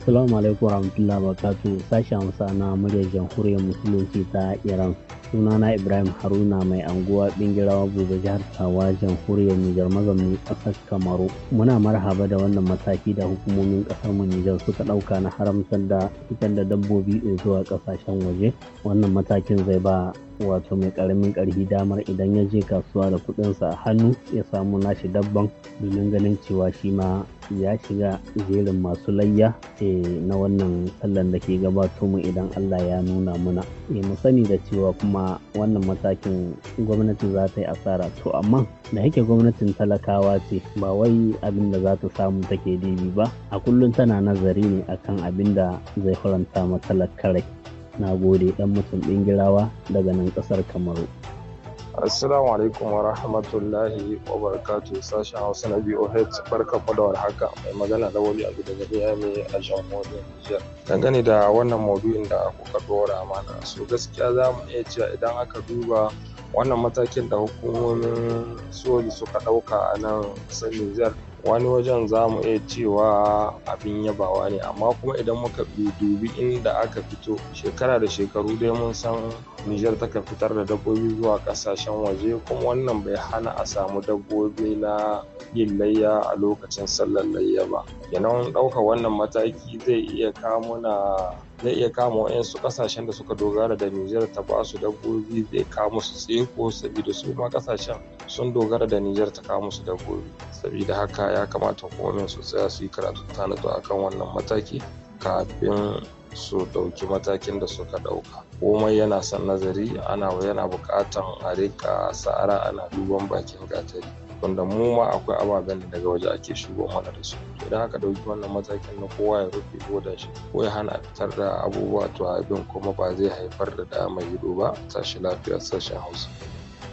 Assalamu alaikum warahmatullahi wabarakatuh sashen Hausa na muryar jamhuriyar musulunci ta Iran. sunana ibrahim haruna mai anguwa bingirawa Gobe, jihar tawa jamhuriyar nijar mazamni kasar kamaru muna marhaba da wannan mataki da hukumomin kasar mu nijar suka ɗauka na haramtar da fitar da dabbobi zuwa ƙasashen waje wannan matakin zai ba wato mai karamin karfi damar idan ya je kasuwa da kudinsa a hannu ya samu nashi dabban domin ganin cewa shi ma ya shiga jerin masu layya E, na wannan sallan da ke gabato mu idan allah ya nuna muna eh, mu sani da cewa kuma kuma wannan matakin gwamnati za ta yi asara to amma da yake gwamnatin talakawa ce ba wai abin da za ta samu take dibi ba a kullum tana nazari ne a kan abin da zai faranta ma kare na gode ɗan mutum ɗin girawa daga nan ƙasar kamaru Assalamu alaikum wa rahmatullahi wa barakatu sashen Hausa na BOH barka da haka mai magana da wani abu daga Miami a jamhuriyar Nijar. Dangane da wannan maudu'in da kuka dora mana so gaskiya za mu iya cewa idan aka duba wannan matakin da hukumomin soji suka ɗauka a nan ƙasar Nijar wani wajen zamu iya cewa abin yabawa ne amma kuma idan muka dubi inda aka fito shekara da shekaru dai mun san Nijar taka fitar da dabbobi zuwa kasashen waje kuma wannan bai hana a samu dabbobi na yin layya a lokacin sallar layya ba kenan ɗaukar wannan mataki zai iya kamuna. zai iya kama wa'yansu kasashen da suka dogara da Nijar ta ba su dabbobi zai kawo musu tseko saboda su ma kasashen sun dogara da Nijar ta kawo musu dabbobi saboda haka ya kamata hukumomin su tsaya su yi karatu tanadu akan wannan mataki kafin su ɗauki matakin da suka ɗauka komai yana son nazari ana yana buƙatan a rika sa'ara ana duban bakin gatari wanda mu ma akwai ababen da daga waje ake shigo mana da su idan aka ɗauki wannan matakin na kowa ya rufe boda shi ko ya hana fitar da abubuwa to abin kuma ba zai haifar da da mai ido ba tashi lafiyar sashen hausa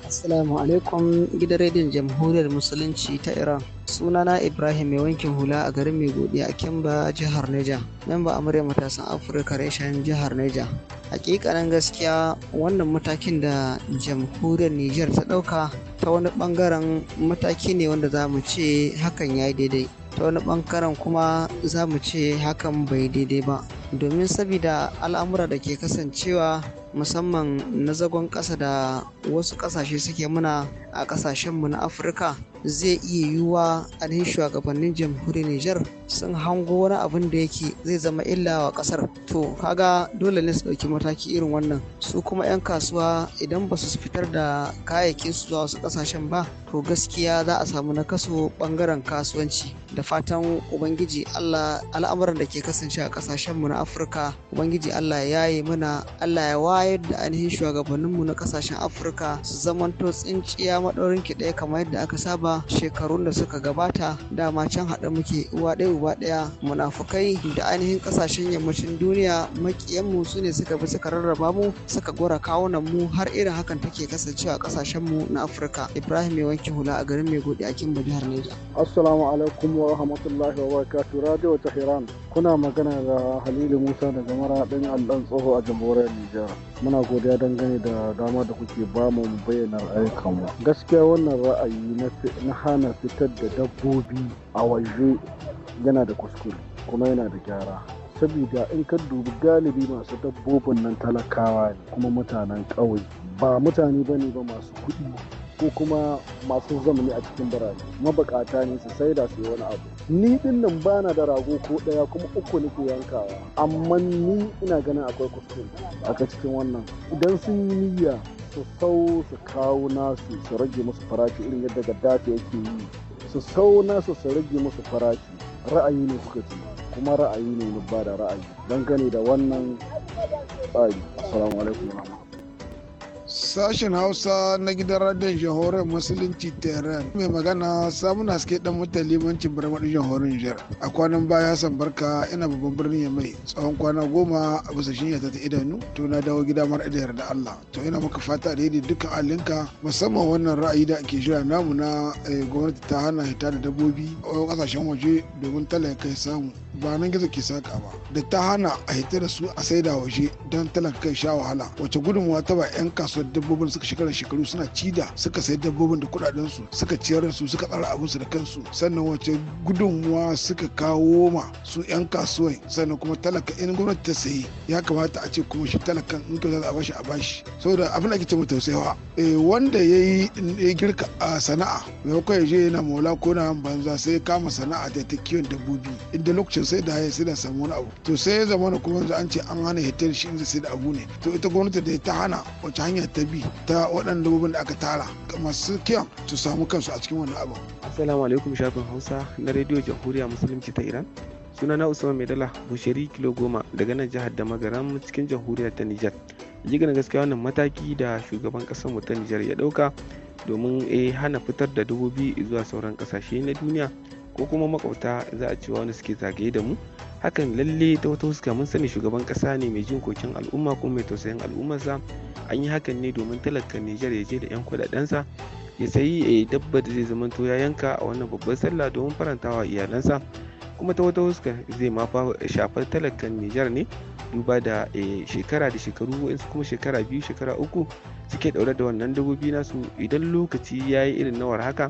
Assalamu alaikum gidan rediyon jamhuriyar musulunci ta Iran. sunana ibrahim mai wankin hula a garin mai godiya a kimba jihar neja memba amurya matasan afirka reshen jihar neja hakikanin gaskiya wannan matakin da jamhuriyar niger ta dauka ta wani bangaren mataki ne wanda za mu ce hakan ya yi daidai ta wani bangaren kuma za mu ce hakan bai daidai ba domin sabida al'amura da ke kasancewa musamman na zagon ƙasa da wasu ƙasashe suke muna a ƙasashenmu na afirka zai iya yiwuwa ainihin shugabannin jamhuriyar Nijar sun hango wani abin da yake zai zama illa wa ƙasar. to kaga dole ne su ɗauki mataki irin wannan su kuma 'yan kasuwa idan ba su fitar da kayayyakin su zuwa wasu ƙasashen ba to gaskiya za a samu kaso ɓangaren kasuwanci da fatan ubangiji Allah al'amuran da ke kasance a ƙasashenmu na Afirka ubangiji Allah ya yi mana Allah ya waye bayar da ainihin shugabanninmu na kasashen afirka su zamanto tsinciya maɗaurin ki ɗaya kamar yadda aka saba shekarun da suka gabata dama can haɗa muke uwa ɗaya uba ɗaya munafukai da ainihin kasashen yammacin duniya maƙiyanmu su ne suka bi suka rarraba mu suka gwara kawunan mu har irin hakan take kasancewa kasashen mu na afirka ibrahim ya wanke hula a garin mai godi a kimba jihar neja assalamu alaikum wa rahmatullahi wa barakatuh radio tahiran kuna magana da halilu musa daga mara ɗan alɗan tsoho a jamhuriyar nijar muna godiya dangane da dama da kuke ba mu bayyana ayyukanmu gaskiya wannan ra'ayi na hana fitar da dabbobi a waje yana da kuskure kuma yana da gyara saboda in ka dubi galibi masu dabbobin nan talakawa ne kuma mutanen kawai. ba mutane ba ne ba masu kuɗi ko kuma masu zamani a cikin birane mabukata ne su sai da su yi wani abu ni din nan bana da rago ko daya kuma uku nake yankawa amma ni ina ganin akwai kuskure ka cikin wannan idan sun yi niyya su sau su kawo nasu su rage musu farashi irin yadda gaddafi yake yi su sau nasu su rage musu farashi ra'ayi ne suka ci kuma ra'ayi ne ba da ra'ayi dangane da wannan tsari assalamu alaikum Sashen Hausa na gidan radiyon jihohoren Musulunci Tehran mai magana samun haske dan mutan limancin birnin jihohoren Nijar. A kwanan baya san barka ina babban birnin ya mai tsawon kwana goma a bisa shinya ta idanu to na dawo gida mara da yarda Allah. To ina maka fata da yadda dukkan alinka musamman wannan ra'ayi da ake jira namu na eh, gwamnati ta hana hita da dabbobi a kasashen waje domin talaka ya samu ba nan gizo ke saka ba da ta hana a hita da su a saida waje don talaka ya sha wahala wace gudunmuwa ta ba 'yan kasuwa satar dabbobin suka shekara shekaru suna da suka sayi dabbobin da kudaden su suka ciyar su suka tsara abin su da kansu sannan wace gudunmuwa suka kawo ma su yan kasuwan sannan kuma talaka in gwamnati ta sayi ya kamata a ce kuma shi talakan in ka za a bashi a bashi saboda abin da ake ce tausayawa eh, wanda ya yi girka a sana'a maimakon ya je yana mola ko na banza sai kama sana'a da ta kiwon dabbobi inda lokacin sai da ya sai da samu wani abu to sai ya zama kuma an ce an hana hitar shi in zai sai da abu ne to ita gwamnati da ta hana wace hanya ta bi ta waɗanda dabbobin da aka tara masu kiyan su samu kansu a cikin wannan abu. Assalamu alaikum shafin Hausa na rediyo Jamhuriya Musulunci ta Iran. Suna na Usman Maidala Bushari kilo goma daga nan jihar da cikin jamhuriyar ta Nijar. Jigan gaskiya wannan mataki da shugaban ƙasar mu ta Nijar ya ɗauka domin a eh, hana fitar da dubobi zuwa sauran kasashe na duniya ko kuma makwabta za a cewa wani suke zagaye da mu hakan lalle ta wata huska mun sani shugaban ƙasa ne mai jin kokin al'umma kuma mai tausayin al'ummarsa an yi hakan ne domin talakan nijar ya je da 'yan kudadensa ya sayi eh, dabba da zai zama ya yanka a wannan babban sallah domin farantawa iyalansa kuma ta wata huska zai ma shafar talakan nijar ne duba da eh, shekara da shekaru wasu kuma shekara biyu shekara uku suke daure da wannan dabbobi nasu idan lokaci ya yi irin nawar haka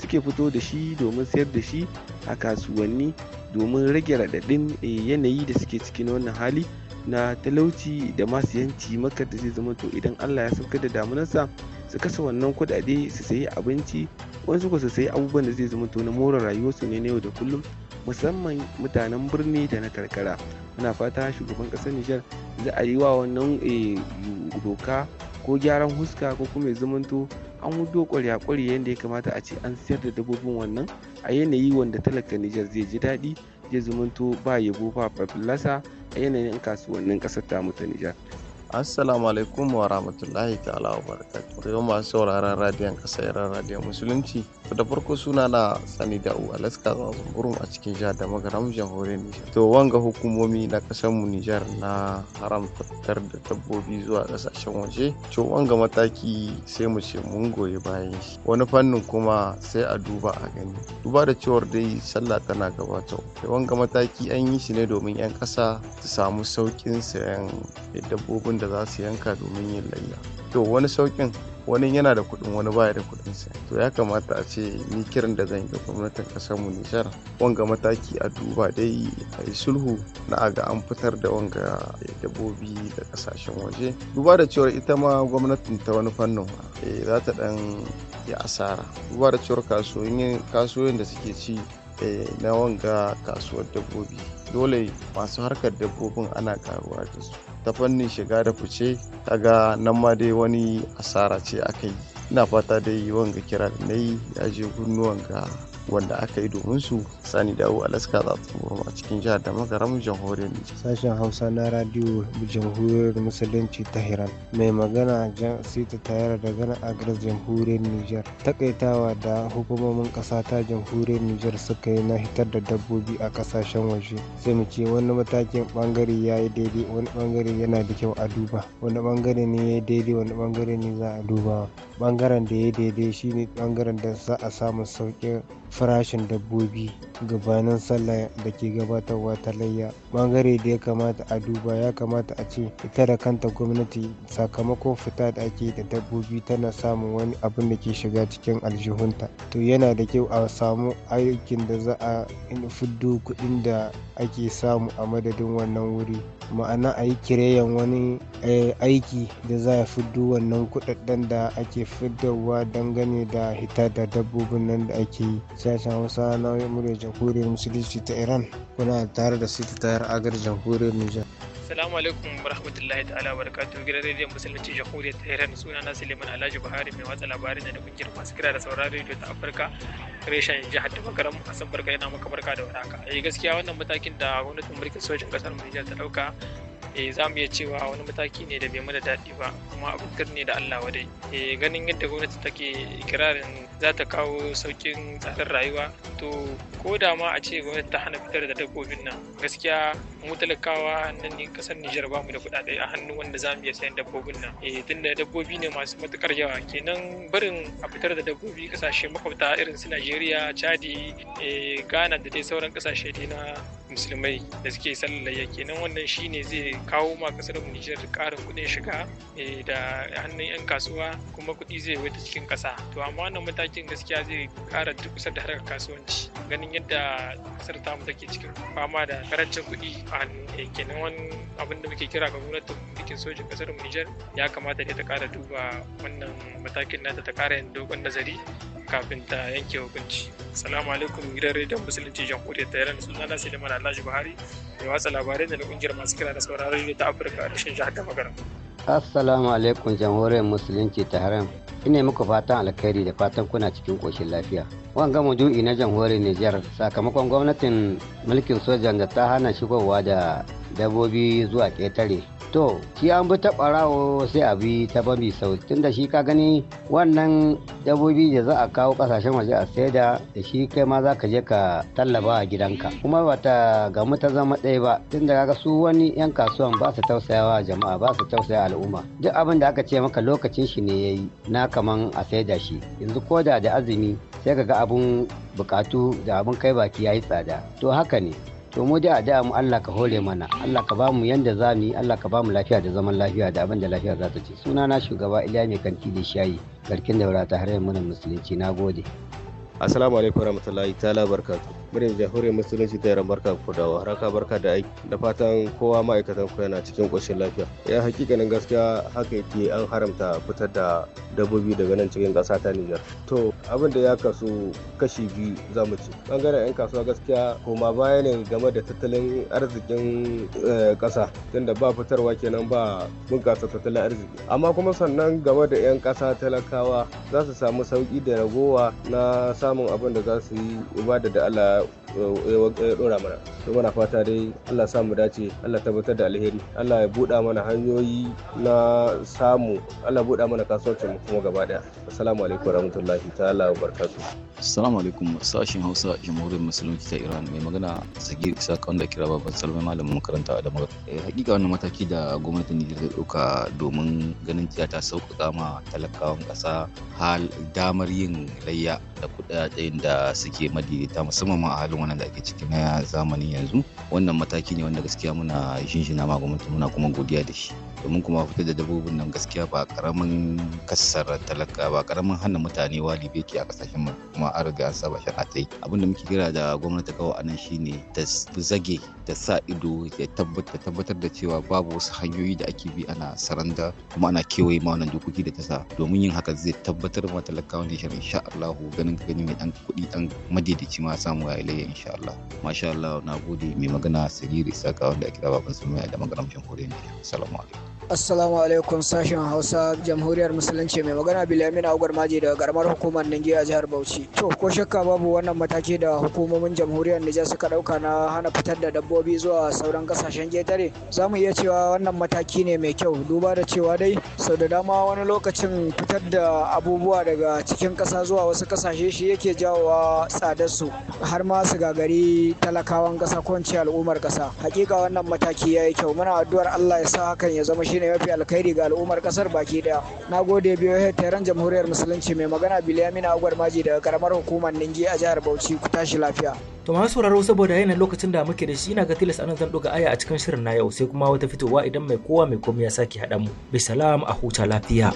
suke fito da shi domin sayar da shi a kasuwanni domin rage raɗaɗin eh, yanayi da suke ciki na wannan hali na talauci da masu yanci makar da zai zama idan allah ya sauka da sa su kasa wannan kuɗaɗe su sayi abinci wasu su sayi abubuwan da zai zama to na more rayuwarsu ne na yau da kullum musamman mutanen birni da na karkara muna fata shugaban kasar nijar za a yi wa wannan eh, doka ko gyaran huska ko kuma ya zamanto an hudo kwarya kwarya yadda ya kamata a ce an sayar da dabbobin wannan a yanayi wanda talaka nijar zai ji daɗi ya zumunto ba yabo ba lasa a yanayin kasuwannin ƙasar tamu ta Nijar. Assalamu alaikum wa rahmatullahi ta'ala wa barakatuh. Yau masu sauraron radiyon ƙasa iran radiyon musulunci da farko suna na sani da u alaska zazumburum a cikin jihar da magaram jamhuriyar nijar to wanga hukumomi na kasar mu nijar na fitar da dabbobi zuwa kasashen waje to wanga mataki sai mu ce mun goyi bayan shi wani fannin kuma sai a duba a gani duba da cewar dai sallah tana gabata To wanga mataki an yi shi ne domin yan kasa su samu saukin sayan dabbobin da za su yanka domin yin layya to wani saukin wani yana da kuɗin wani baya da kuɗin sa to ya kamata a ce ni kiran da zan yi ga gwamnatin kasar mu Nijar wanga mataki a duba dai a yi sulhu na aga an fitar da wanga dabbobi da kasashen waje duba da cewar ita ma gwamnatin ta wani fannin eh, za ta dan ya asara duba da cewar kasuwoyin da suke ci eh, na wanga kasuwar dabbobi dole masu harkar dabbobin ana karuwa da su ta fannin shiga da fice kaga nan ma dai wani asara ce aka yi ina fata dai wanga kira da na yi ya je kunnuwan ga wanda aka yi domin su sani dawo alaska za su a cikin jihar da magaram jamhuriyar nijar sashen hausa na radio jamhuriyar musulunci ta hiran mai magana jan sita yara da gana a agres jamhuriyar nijar takaitawa da hukumomin kasa ta jamhuriyar nijar suka yi na hitar da dabbobi a kasashen waje sai mu ce wani matakin bangare ya yi daidai wani bangare yana da kyau a duba wani bangare ne ya yi daidai wani bangare ne za a duba bangaren da ya daidai shine bangaren da za a samu sauƙin farashin dabbobi gabanin sallah da ke gabatarwa ta layya bangare da ya kamata a duba ya kamata a ce ita da kanta gwamnati sakamakon fita da ake da dabbobi tana samun wani abin da ke shiga cikin aljihunta to yana da kyau a samu aikin da za a fiddo kuɗin da ake samu a madadin wannan wuri ma'ana a yi kireyan wani eh, aiki da za a fiddo wannan kuɗaɗen da ake fiddowa dangane da hita da dabbobin nan da ake yi sashen hausa na muryar jamhuriyar musulunci ta iran kuna tare da sita tayar agar jamhuriyar nijar salamu alaikum rahmatullahi ta'ala barakatu gidan rediyo musulunci jamhuriyar ta Iran suna na Suleiman Alhaji Buhari mai watsa labarai da kungiyar masu kira da sauran rediyo ta Afirka reshen jihar da makaram asabar kai yana maka barka da warhaka. a eh, gaskiya wannan matakin da gwamnatin mulkin sojin kasar mu ta dauka eh za mu iya cewa wani mataki ne da bai mana daɗi ba kuma abin ne da Allah wadai eh ganin yadda gwamnati take ikirarin za ta kawo saukin tsadar rayuwa to ko da ma a ce gwamnati ta hana fitar da dabbobin nan gaskiya mu talakawa nan ne kasar Nijar ba mu da kuɗaɗe a hannu wanda za mu iya sayan dabbobin nan eh tunda dabbobi ne masu matukar yawa kenan barin a fitar da dabbobi kasashe makwabta irin su Najeriya Chadi eh Ghana da dai sauran kasashe dai na musulmai da suke sallalaya kenan wannan shine zai kawo ma kasar Nijar karin kuɗin shiga eh, da hannun 'yan kasuwa kuma kuɗi zai wata cikin ƙasa to amma wannan matakin gaskiya zai ƙara kusa da harkar kasuwanci ganin yadda kasar tamu take cikin fama da karancin kuɗi Eh, kenan wani abin da muke kira ga gwamnatin mulkin sojin kasar Nijar ya kamata ne ta kara duba wannan matakin nata ta kara yin dogon nazari kafin ta yanke hukunci. Salamu alaikum gidan rediyon musulunci jamhuriyar ta yaran suna na sai da mana Alhaji Buhari mai watsa labarai da na kungiyar masu kira da sauraron rediyo ta Afirka a rashin jihar da Magana. Assalamu alaikum jamhuriyar musulunci ta haram. ina muku fatan alkhairi da fatan kuna cikin koshin lafiya gama maudu'i na jamhuriyar Nijar sakamakon gwamnatin mulkin sojan da ta hana shigowa da dabbobi zuwa ƙetare to shi an bi ta barawo sai a bi ta babi sau tunda shi ka gani wannan dabobi da za a kawo kasashen waje a saida da shi kai ma za ka je ka tallaba a gidanka kuma ba ta gamu ta zama ɗaya ba tunda kaga su wani yan kasuwan ba su tausayawa jama'a ba su tausaya al'umma duk abin da aka ce maka lokacin shi ne yayi na kaman a saida shi yanzu koda da azumi sai ka ga abun bukatu da abun kai baki yayi tsada to haka ne to mu a da mu Allah ka hore mana Allah ka bamu yanda za mu yi Allah ka bamu lafiya da zaman lafiya da abin da lafiya za ta ci suna na shugaba Iliya mai kanti da shayi garkin da wurata har yamma musulunci na gode assalamu alaikum warahmatullahi ta'ala barkatu muryar jamhuriyar musulunci ta yaran barka ku da barka da aiki da fatan kowa ma'aikatan ku yana cikin ƙoshin lafiya ya hakikanin gaskiya haka yake an haramta fitar da dabbobi daga nan cikin ƙasa ta Nijar to abin da ya kasu kashi biyu za mu ci bangaren 'yan kasuwa gaskiya koma baya ne game da tattalin arzikin eh, ƙasa tunda ba fitarwa kenan ba bunƙasa tattalin arziki amma kuma sannan game da 'yan ƙasa talakawa za su samu sauƙi da ragowa na samun abin da za su yi ibada da Allah ya dora mana to muna fata dai Allah sa mu dace Allah tabbatar da alheri Allah ya buɗa mana hanyoyi na samu Allah buɗa mana kasuwancin mu kuma gaba daya assalamu alaikum warahmatullahi ta'ala wa barakatuh assalamu alaikum sashin Hausa jamhuriyar musulunci ta Iran mai magana Sagir Isa da kira baban Salman malamin makaranta da Magana eh, hakika wannan mataki da gwamnatin Nijar ta dauka domin ganin cewa ta sauƙaƙa ma talakawan ƙasa hal damar yin layya da kuɗaɗen da suke madidita musamman ma a halin wannan da ake ciki na zamanin yanzu wannan mataki ne wanda gaskiya muna jinjina ma gwamnati muna kuma godiya da shi domin kuma fitar da dabbobin nan gaskiya ba karamin kassara talaka ba karamin hana mutane walibe ke a kasashen mu kuma an riga an saba a ta yi abinda muke kira da gwamnati kawo anan shine ta zage ta sa ido ta tabbatar da cewa babu wasu hanyoyi da ake bi ana saranda kuma ana kewaye ma wannan dokoki da ta sa domin yin haka zai tabbatar ma talakawa da shirin insha Allah ganin gani mai dan kuɗi dan madaidaici ma samu ya ilayya insha Allah masha Allah na gode mai magana siriri saka wanda ake kira baban sumaya da magaramcin kore ne assalamu alaikum Assalamu alaikum sashen Hausa Jamhuriyar Musulunci mai magana Bilamina, Agwar Maji, daga garmar hukumar Ninge jihar Bauchi. To ko shakka babu wannan mataki da hukumomin Jamhuriyar Nijar suka dauka na hana fitar da dabbobi zuwa sauran kasashen getare. Za mu iya cewa wannan mataki ne mai kyau duba da cewa dai sau da dama wani lokacin fitar da abubuwa daga cikin ƙasa zuwa wasu kasashe shi yake jawowa tsadar su har ma su gagari talakawan ƙasa ko al'ummar ƙasa. Hakika wannan mataki ya yi kyau muna addu'ar Allah ya sa hakan ya zama kuma shine mafi alkhairi ga al'ummar kasar baki daya na gode biyo taron jamhuriyar musulunci mai magana bilyamin agwar maji daga karamar hukumar ningi a jihar bauchi ku tashi lafiya to masu sauraro saboda yanayin lokacin da muke da shi ina ga tilas anan zan ɗoga aya a cikin shirin na yau sai kuma wata fitowa idan mai kowa mai komai ya sake haɗa mu bisalam a huta lafiya.